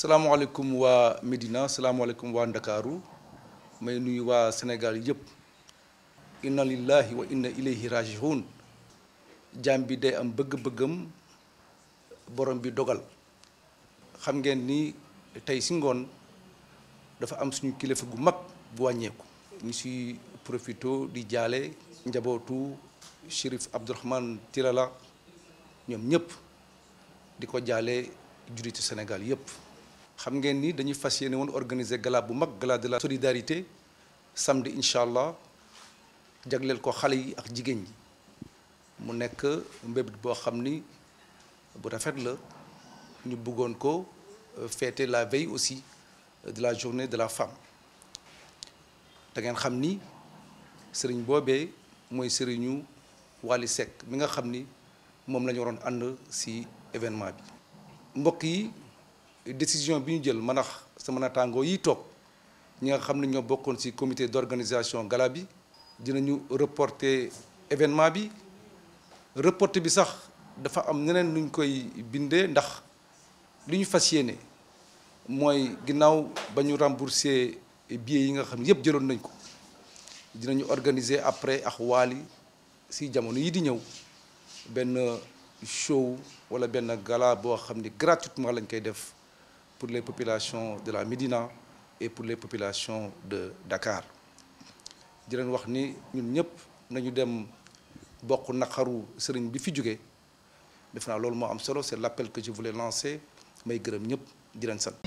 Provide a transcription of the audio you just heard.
salaamaaleykum wa Medina, salaamaaleykum wa dakaru may nuyu waa Sénégal yëpp inna lillahi wa inna ilayhi rajiun jaam bi day am bëgg-bëggam borom bi dogal xam ngeen ni tay si dafa am suñu kilifa gu mag bu wàññeeku ñu si profito di jaale njabootu Chérif Abdourahmane Tilala ñoom ñëpp di ko jaale juditu Sénégal yëpp xam ngeen ni dañuy fas yéene woon organiser gala bu mag gala de la solidarité samedi incha allah jagleel ko xale yi ak jigéen ñi mu nekk mbébét boo xam ni bu rafet la ñu bëggoon ko euh, la veille aussi euh, de la journée de la femme da ngeen xam ni sëriñ boobee mooy sëriñu Wally Seck mi nga xam ni moom la ñu waroon ànd si événement bi mbokk yi. décision bi ñu jël manax ax sama naataangoo yi tok ñinga nga ñoo bokkon ci comité d'organisation gala bi dinañu reporter événement bi reporter bi sax dafa am neneen nuñ koy bindé ndax liñu fasiyéné moy ginnaw bañu rembourser billets yi nga xam yépp yëpp nañ ko dinañu organiser après ak Si ci jamono yi di ñew ben show wala ben gala bo xam gratuitement lañ koy def pour les populations de la Médina et pour les populations de Dakar Je leen wax ni ñun ñëpp nañu dem bokk naqaru sëriñ bi fi jóge def loolu am solo c'est l'appel que je voulais lancer may gërëm ñëpp